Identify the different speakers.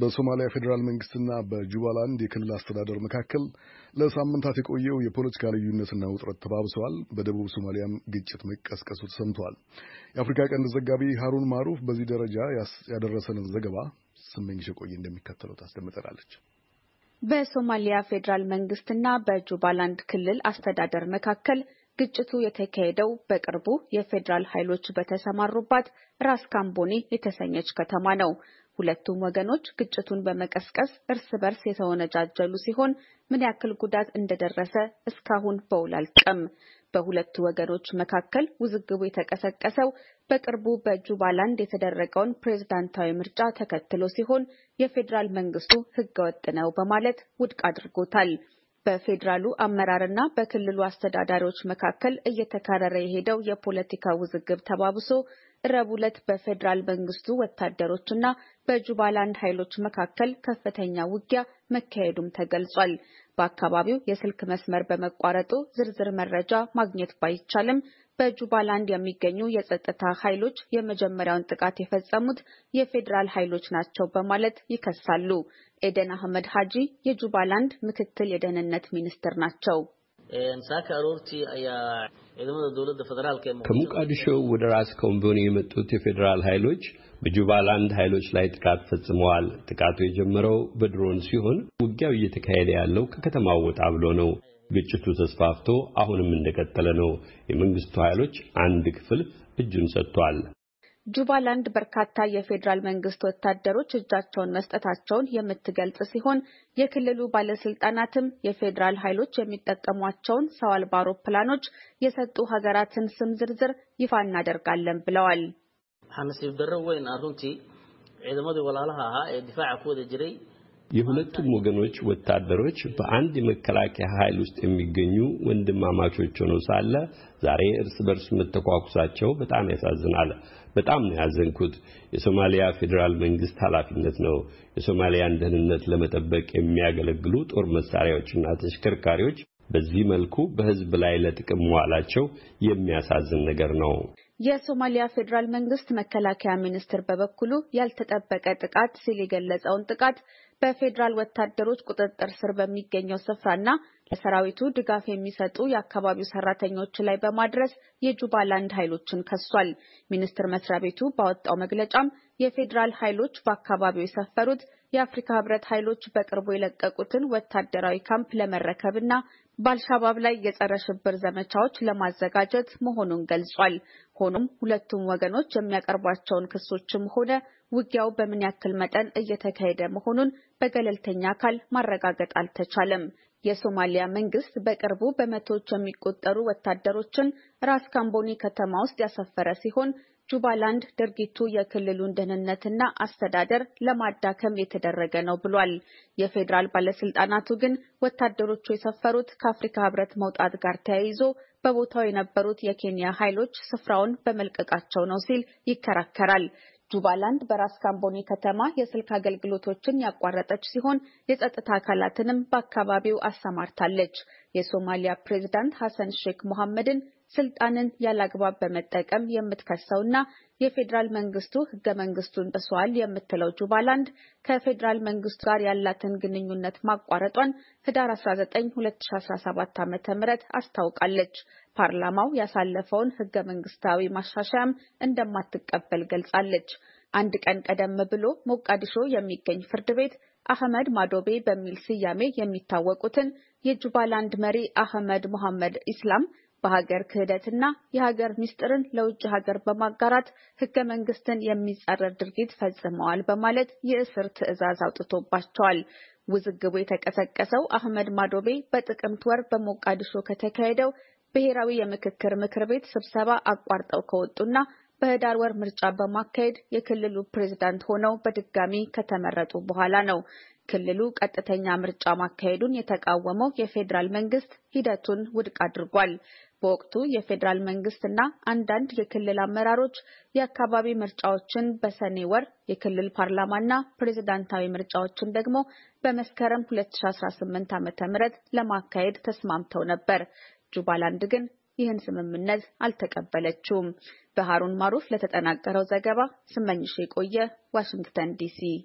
Speaker 1: በሶማሊያ ፌዴራል መንግስትና በጁባላንድ የክልል አስተዳደር መካከል ለሳምንታት የቆየው የፖለቲካ ልዩነትና ውጥረት ተባብሰዋል። በደቡብ ሶማሊያም ግጭት መቀስቀሱ ተሰምተዋል። የአፍሪካ ቀንድ ዘጋቢ ሃሩን ማሩፍ በዚህ ደረጃ ያደረሰንን ዘገባ ስመኝሽ የቆየ እንደሚከተለው ታስደምጠናለች።
Speaker 2: በሶማሊያ ፌዴራል መንግስትና በጁባላንድ ክልል አስተዳደር መካከል ግጭቱ የተካሄደው በቅርቡ የፌዴራል ኃይሎች በተሰማሩባት ራስ ካምቦኒ የተሰኘች ከተማ ነው። ሁለቱም ወገኖች ግጭቱን በመቀስቀስ እርስ በርስ የተወነጃጀሉ ሲሆን ምን ያክል ጉዳት እንደደረሰ እስካሁን በውል አልቀም። በሁለቱ ወገኖች መካከል ውዝግቡ የተቀሰቀሰው በቅርቡ በጁባላንድ የተደረገውን ፕሬዝዳንታዊ ምርጫ ተከትሎ ሲሆን የፌዴራል መንግስቱ ህገወጥ ነው በማለት ውድቅ አድርጎታል። በፌዴራሉ አመራርና በክልሉ አስተዳዳሪዎች መካከል እየተካረረ የሄደው የፖለቲካ ውዝግብ ተባብሶ ረቡዕ ዕለት በፌዴራል መንግስቱ ወታደሮችና በጁባላንድ ኃይሎች መካከል ከፍተኛ ውጊያ መካሄዱም ተገልጿል። በአካባቢው የስልክ መስመር በመቋረጡ ዝርዝር መረጃ ማግኘት ባይቻልም በጁባላንድ የሚገኙ የጸጥታ ኃይሎች የመጀመሪያውን ጥቃት የፈጸሙት የፌዴራል ኃይሎች ናቸው በማለት ይከሳሉ። ኤደን አህመድ ሀጂ የጁባላንድ ምክትል የደህንነት ሚኒስትር ናቸው።
Speaker 1: ከሞቃዲሾ ወደ ራስ ኮምቦኒ የመጡት የፌዴራል ኃይሎች በጁባላንድ ኃይሎች ላይ ጥቃት ፈጽመዋል። ጥቃቱ የጀመረው በድሮን ሲሆን ውጊያው እየተካሄደ ያለው ከከተማው ወጣ ብሎ ነው። ግጭቱ ተስፋፍቶ አሁንም እንደቀጠለ ነው። የመንግስቱ ኃይሎች አንድ ክፍል እጁን
Speaker 2: ሰጥቷል። ጁባላንድ በርካታ የፌዴራል መንግስት ወታደሮች እጃቸውን መስጠታቸውን የምትገልጽ ሲሆን የክልሉ ባለስልጣናትም የፌዴራል ኃይሎች የሚጠቀሟቸውን ሰው አልባ አውሮፕላኖች የሰጡ ሀገራትን ስም ዝርዝር ይፋ እናደርጋለን ብለዋል። ሐመስ darro weyn አሩንቲ runtii ወላላሃ ዲፋዕ ahaa ee
Speaker 1: የሁለቱም ወገኖች ወታደሮች በአንድ የመከላከያ ኃይል ውስጥ የሚገኙ ወንድማማቾች ሆነው ሳለ ዛሬ እርስ በርስ መተኳኩሳቸው በጣም ያሳዝናል። በጣም ነው ያዘንኩት። የሶማሊያ ፌዴራል መንግስት ኃላፊነት ነው። የሶማሊያን ደህንነት ለመጠበቅ የሚያገለግሉ ጦር መሳሪያዎችና ተሽከርካሪዎች በዚህ መልኩ በህዝብ ላይ ለጥቅም መዋላቸው የሚያሳዝን ነገር ነው።
Speaker 2: የሶማሊያ ፌዴራል መንግስት መከላከያ ሚኒስትር በበኩሉ ያልተጠበቀ ጥቃት ሲል የገለጸውን ጥቃት በፌዴራል ወታደሮች ቁጥጥር ስር በሚገኘው ስፍራና ለሰራዊቱ ድጋፍ የሚሰጡ የአካባቢው ሰራተኞች ላይ በማድረስ የጁባላንድ ኃይሎችን ከሷል። ሚኒስቴር መስሪያ ቤቱ ባወጣው መግለጫም የፌዴራል ኃይሎች በአካባቢው የሰፈሩት የአፍሪካ ህብረት ኃይሎች በቅርቡ የለቀቁትን ወታደራዊ ካምፕ ለመረከብና በአልሻባብ ላይ የጸረ ሽብር ዘመቻዎች ለማዘጋጀት መሆኑን ገልጿል። ሆኖም ሁለቱም ወገኖች የሚያቀርቧቸውን ክሶችም ሆነ ውጊያው በምን ያክል መጠን እየተካሄደ መሆኑን በገለልተኛ አካል ማረጋገጥ አልተቻለም። የሶማሊያ መንግስት በቅርቡ በመቶዎች የሚቆጠሩ ወታደሮችን ራስ ካምቦኒ ከተማ ውስጥ ያሰፈረ ሲሆን ጁባላንድ ድርጊቱ የክልሉን ደህንነትና አስተዳደር ለማዳከም የተደረገ ነው ብሏል። የፌዴራል ባለስልጣናቱ ግን ወታደሮቹ የሰፈሩት ከአፍሪካ ህብረት መውጣት ጋር ተያይዞ በቦታው የነበሩት የኬንያ ኃይሎች ስፍራውን በመልቀቃቸው ነው ሲል ይከራከራል። ጁባላንድ በራስ ካምቦኒ ከተማ የስልክ አገልግሎቶችን ያቋረጠች ሲሆን የጸጥታ አካላትንም በአካባቢው አሰማርታለች። የሶማሊያ ፕሬዝዳንት ሐሰን ሼክ ሞሐመድን ስልጣንን ያላግባብ በመጠቀም የምትከሰውና የፌዴራል መንግስቱ ህገ መንግስቱን ጥሷል የምትለው ጁባላንድ ከፌዴራል መንግስቱ ጋር ያላትን ግንኙነት ማቋረጧን ህዳር 19 2017 ዓ.ም አስታውቃለች። ፓርላማው ያሳለፈውን ህገ መንግስታዊ ማሻሻያም እንደማትቀበል ገልጻለች። አንድ ቀን ቀደም ብሎ ሞቃዲሾ የሚገኝ ፍርድ ቤት አህመድ ማዶቤ በሚል ስያሜ የሚታወቁትን የጁባላንድ መሪ አህመድ ሙሐመድ ኢስላም በሀገር ክህደትና የሀገር ምስጢርን ለውጭ ሀገር በማጋራት ህገ መንግስትን የሚጻረር ድርጊት ፈጽመዋል በማለት የእስር ትዕዛዝ አውጥቶባቸዋል። ውዝግቡ የተቀሰቀሰው አህመድ ማዶቤ በጥቅምት ወር በሞቃዲሾ ከተካሄደው ብሔራዊ የምክክር ምክር ቤት ስብሰባ አቋርጠው ከወጡና በህዳር ወር ምርጫ በማካሄድ የክልሉ ፕሬዝዳንት ሆነው በድጋሚ ከተመረጡ በኋላ ነው። ክልሉ ቀጥተኛ ምርጫ ማካሄዱን የተቃወመው የፌዴራል መንግስት ሂደቱን ውድቅ አድርጓል። በወቅቱ የፌዴራል መንግስትና አንዳንድ የክልል አመራሮች የአካባቢ ምርጫዎችን በሰኔ ወር የክልል ፓርላማና ፕሬዝዳንታዊ ምርጫዎችን ደግሞ በመስከረም 2018 ዓ.ም ለማካሄድ ተስማምተው ነበር። ጁባላንድ ግን ይህን ስምምነት አልተቀበለችውም። በሃሩን ማሩፍ ለተጠናቀረው ዘገባ ስመኝሽ የቆየ ዋሽንግተን ዲሲ